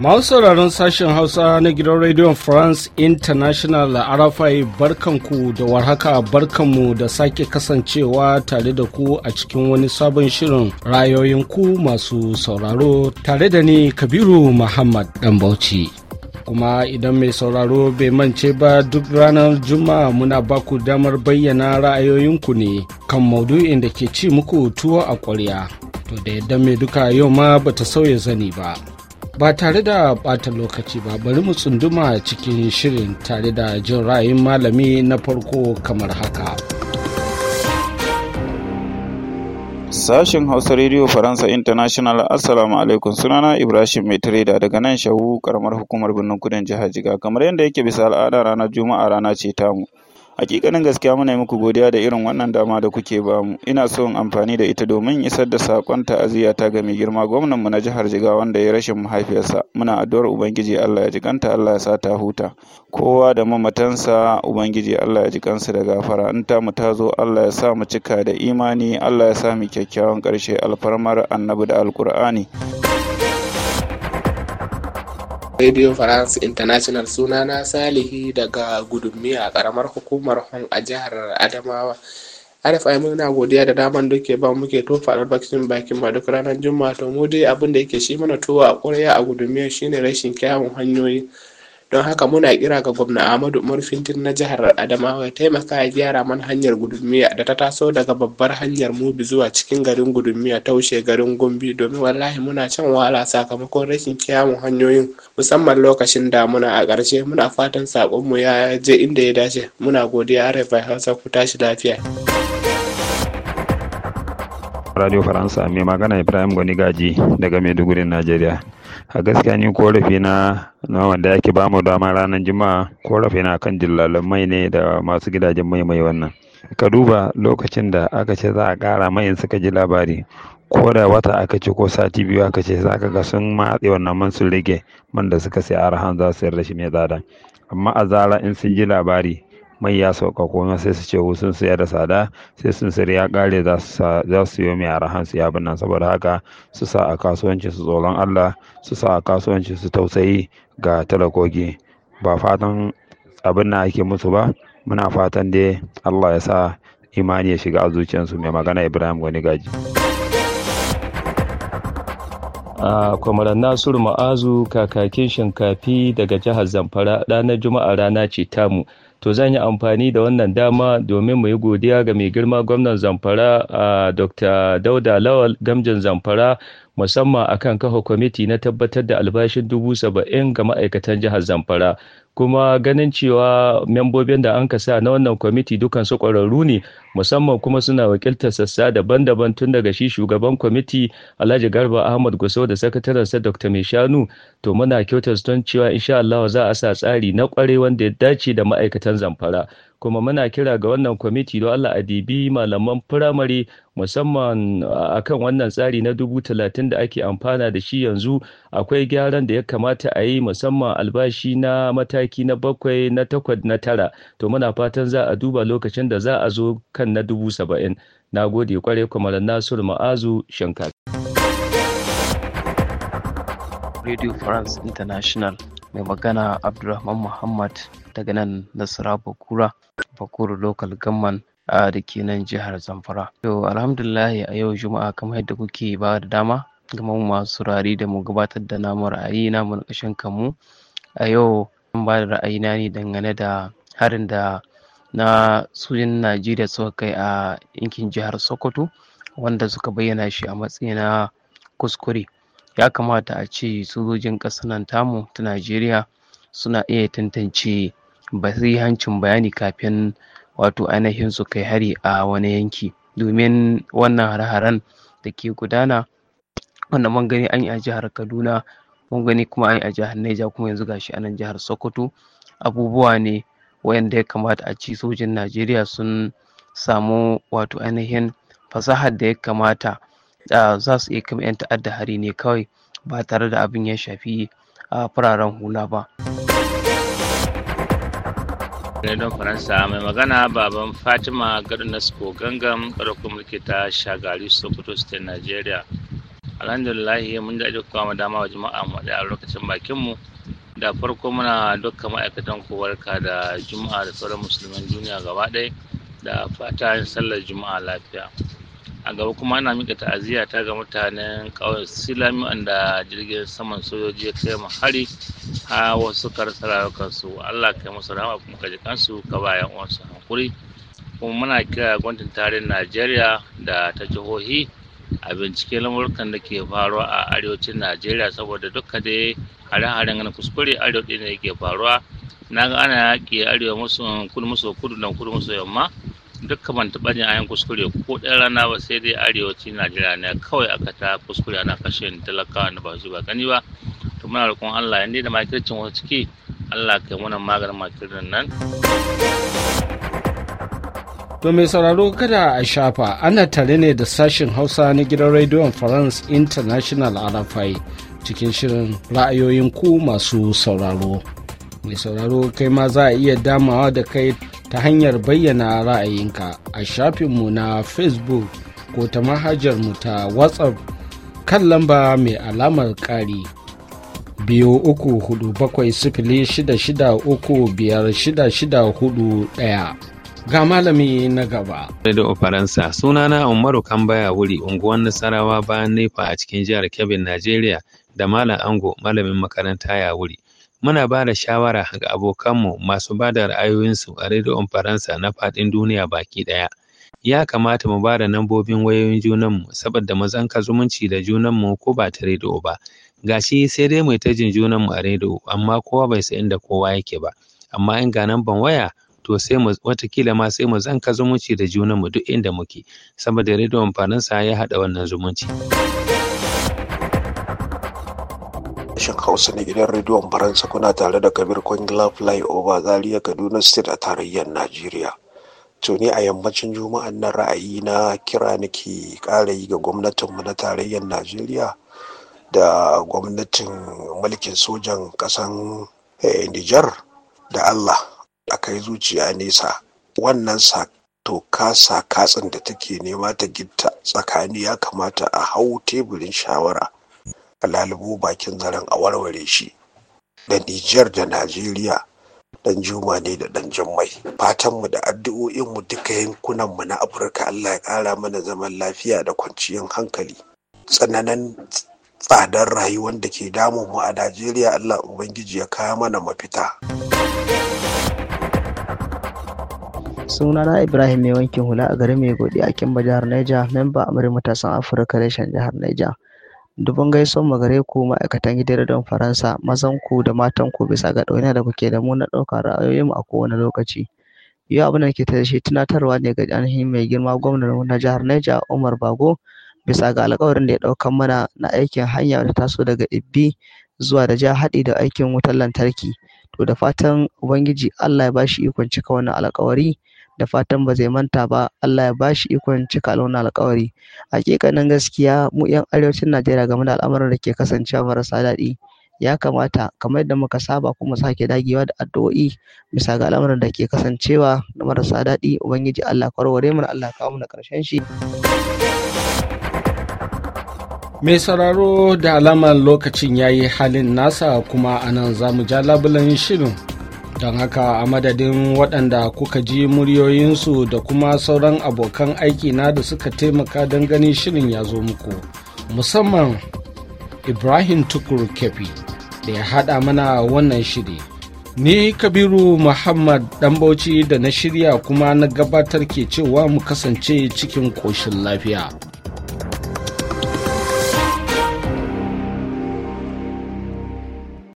Masu sauraron sashen Hausa na gidan Radio France International Arafai barkanku da warhaka barkanmu da sake kasancewa tare da ku a cikin wani sabon shirin rayoyin ku masu sauraro tare da ni Kabiru Muhammad Dan Bauchi. kuma idan mai sauraro bai mance ba duk ranar juma'a muna baku damar bayyana ra'ayoyinku ne kan maudu'in da ke ci muku tuwo a ƙwarya. to da yadda mai duka yau ma bata sauya zani ba ba tare da ɓata lokaci ba bari mu tsunduma cikin shirin tare da jin ra'ayin malami na farko kamar haka Sashen Hausa Radio Faransa International Assalamu alaikum sunana Ibrahim Maitreda daga nan shawu karamar hukumar birnin kudin jihar Jiga kamar yadda yake bisa al'ada ranar Juma'a rana ce tamu Hakikanin gaskiya muna yi muku godiya da irin wannan dama da kuke ba mu Ina so in amfani da ita domin isar da sakon ta ga mai girma gwamnan mu na jihar Jigawa wanda ya rashin mahaifiyarsa. Muna addu'ar Ubangiji Allah ya jikanta Allah ya sa ta huta. Kowa da mamatansa Ubangiji Allah ya jikansu da gafara. In ta mu ta zo Allah ya sa mu cika da imani, Allah ya sa mu kyakkyawan karshe alfarmar Annabi da Alkur'ani. Radio France International sunana Salihi daga Gudummi a karamar hukumar Hon a jihar Adamawa. RFI muna godiya da daman da ba muke tofa albarkacin bakin ba duk ranar Juma'a to mu dai abin da yake shi mana tuwo a ƙwarya a Gudummi shine rashin kyawun hanyoyi. don haka muna kira ga gwamna ahmadu umar fintin na jihar adamawa ya taimaka ya gyara mana hanyar gudunmiya da ta taso daga babbar hanyar mubi zuwa cikin garin gudunmiya taushe garin gombe domin wallahi muna can wahala sakamakon rashin kyamun hanyoyin musamman lokacin damuna a ƙarshe muna fatan saƙonmu ya je inda ya dace muna godiya rfi hausa ku tashi lafiya. Radio Faransa mai magana Ibrahim Gwani Gaji daga Maiduguri, Najeriya. A gaskiya ni korafi na na wanda yake ba mu dama ranar Juma'a korafi na kan jillalan mai ne da masu gidajen mai mai wannan. Ka duba lokacin da aka ce za a ƙara mai suka ji labari ko da wata aka ce ko sati biyu aka ce za ka ga sun matse wannan man sun rage man da suka sai arhan za su yarda shi mai tsada amma a zara in sun ji labari mai ya sauka kuma sai su ce sun siya da tsada sai sun sayar ya kare za su yi mai arahan su ya nan saboda haka su sa a kasuwanci su tsoron Allah su sa a kasuwanci su tausayi ga talakoki ba fatan abin na ake musu ba muna fatan dai Allah ya sa imani ya shiga a mai magana Ibrahim wani Gaji. a kwamaran nasiru ma'azu kakakin shinkafi daga jihar zamfara ranar juma'a rana ce tamu to zan yi amfani da wannan dama domin mu yi godiya ga mai girma gwamnan zamfara a dr dauda lawal gamjin zamfara musamman akan kafa kwamiti na tabbatar da albashin dubu saba'in ga ma'aikatan jihar zamfara kuma ganin cewa membobin da an sa na wannan kwamiti dukan su ƙwararru ne musamman kuma suna wakiltar sassa daban-daban tun daga shi shugaban kwamiti alhaji garba ahmad gusau da sakatarensa dr shanu to muna kyautar don cewa insha allah za a sa tsari na ƙware wanda ya dace da ma'aikatan zamfara kuma muna kira ga wannan kwamiti don Allah adibi malaman firamare musamman a kan wannan tsari na dubu talatin da ake amfana da shi yanzu akwai gyaran da ya kamata a yi musamman albashi na mataki na bakwai na takwad na tara to muna fatan za a duba lokacin da za a zo kan na dubu saba'in na gode kwarai kwamarar nasiru ma'azu shankar radio france international mai magana abdulrahman muhammad daga nan nasara bakura Bakura local gamman a da ke nan jihar zamfara to alhamdulillah a yau juma'a kamar yadda kuke ba da dama gama masu rari da mu gabatar da namu ra'ayi namu na ƙashin kanmu a yau an ba da ra'ayi na ne dangane da harin da na sojin najeriya suka kai a yankin jihar sokoto wanda suka bayyana shi a matsayi na kuskure ya kamata a ce sojojin ƙasar nan tamu ta najeriya suna iya tantance hancin bayani kafin wato ainihin su kai hari a wani yanki domin wannan hare-haren da ke gudana wanda mun gani an yi a jihar kaduna mun gani kuma an yi a jihar Niger kuma yanzu gashi a nan jihar Sokoto abubuwa ne wayanda ya kamata a ci sojin Najeriya sun samu wato ainihin fasahar da ya kamata za su iya kama 'yan ta'adda hari ne kawai ba tare da abin ya shafi a fararen hula ba. Redon Faransa mai magana baban Fatima Garnasko Gangam ƙarfin mulki ta Shagari Sokoto State Nigeria. Alhamdulillahi mun da dukkan mu dama wa jama'a mu da lokacin bakin mu da farko muna dukkan ma'aikatan kowarka da juma'a da sauran musulman duniya gaba ɗaya da fata sallar juma'a lafiya. a gaba kuma ana mika ta'aziyya ta ga mutanen ƙauyen silami wanda jirgin saman sojoji ya kai mu hari ha wasu suka kansu allah kai musu rahama kuma kaji kansu ka ba yan uwansu hankuri kuma muna kira gwamnatin tarin najeriya da ta jihohi a bincike lamurkan da ke faruwa a arewacin najeriya saboda duka dai hare-haren na kuskure arewa ne yake faruwa na ga ana yaƙi arewa maso kudu maso kudu na kudu maso yamma duka ban taɓa jin ayan kuskure ko ɗaya rana ba sai dai arewacin najeriya ne kawai aka ta kuskure ana kashe talakawa na ba su ba gani ba to muna roƙon allah yanzu da makircin wasu ciki allah kai mana maganin makircin nan. To mai sauraro kada a shafa ana tare ne da sashen Hausa na gidan rediyon France International a Rafai cikin shirin ra'ayoyin ku masu sauraro. Mai sauraro kai ma za a iya damawa da kai ta hanyar bayyana ra'ayinka a shafinmu na facebook ko ta mu ta whatsapp kan lamba mai alamar ƙari biyu uku hudu bakwai sifili shida shida uku biyar shida shida hudu ɗaya ga malami na gaba. Radio Faransa sunana Umaru Kambaya wuri unguwar Nasarawa bayan Nefa a cikin jihar Kebbi Najeriya da Malam Ango malamin makaranta ya wuri. Muna ba da shawara ga abokanmu masu ba da ra'ayoyinsu a rediyon Faransa na faɗin duniya baki ɗaya. Ya kamata mu ba da nambobin wayoyin junanmu saboda mu ka zumunci da junanmu ko ba ta rediyo ba. Gashi sai dai mu ta jin junanmu a rediyo amma kowa bai san inda kowa yake ba. Amma in ga namban waya to sai mu watakila ma sai mu zanka zumunci da junanmu duk inda muke saboda rediyon Faransa ya haɗa wannan zumunci. sashen Hausa na gidan rediyon Faransa kuna tare da Kabir Kwangila Flyover Zaria Kaduna State a tarayyar Najeriya. To ni a yammacin juma'an na ra'ayi na kira nake ƙara yi ga gwamnatinmu na tarayyar Najeriya da gwamnatin mulkin sojan kasan eh, Nijar da Allah a kai zuciya nesa wannan toka sakatsin da take nema ta gitta tsakani ya kamata a hau teburin shawara a lalubo bakin zaren a warware shi da nijar da najeriya dan juma ne da dan jummai fatanmu da addu'o'inmu duka yankunanmu na afirka allah ya kara mana zaman lafiya da kwanciyar hankali tsananan tsadar rayuwar da ke damun mu a najeriya allah ubangiji ya kawo mana mafita sunana ibrahim mai wankin hula a garin mai godi a kimba jihar niger memba amurin matasan afirka reshen jihar niger Dubun gaisuwarmu gare ku ma'aikatan gidan faransa, mazan ku da matan matanku, bisa ga ɗawainiyar da kuke da mu na ɗaukar ra'ayoyinmu a kowane lokaci. Yau abin da nake tafe shi tunatarwa ne ga ainihin mai girma mu na jihar Niger Umar Bago bisa ga alƙawarin da ya ɗaukan mana na aikin hanya da taso daga Ibbi zuwa da ja haɗi da aikin wutar lantarki. To da fatan Ubangiji Allah ya bashi shi ikon cika wannan alƙawari. da fatan ba zai manta ba Allah ya ba shi ikon cika alwani alƙawari hakikanin gaskiya mu yan arewacin Najeriya game da al'amuran da ke kasancewa marasa daɗi ya kamata kamar yadda muka saba kuma sake dagewa da addu'o'i bisa ga al'amuran da ke kasancewa na marasa daɗi ubangiji Allah ka warware mana Allah kawo mana ƙarshen shi Mai sauraro da alamar lokacin ya yi halin nasa kuma anan za mu ja labulan shirin don haka a madadin waɗanda kuka ji muryoyinsu da kuma sauran abokan aiki na da suka taimaka don ganin shirin ya zo muku musamman ibrahim tukur kefi da ya haɗa mana wannan shiri ni kabiru muhammad ɗanbauci da na shirya kuma na gabatar ke cewa mu kasance cikin ƙoshin lafiya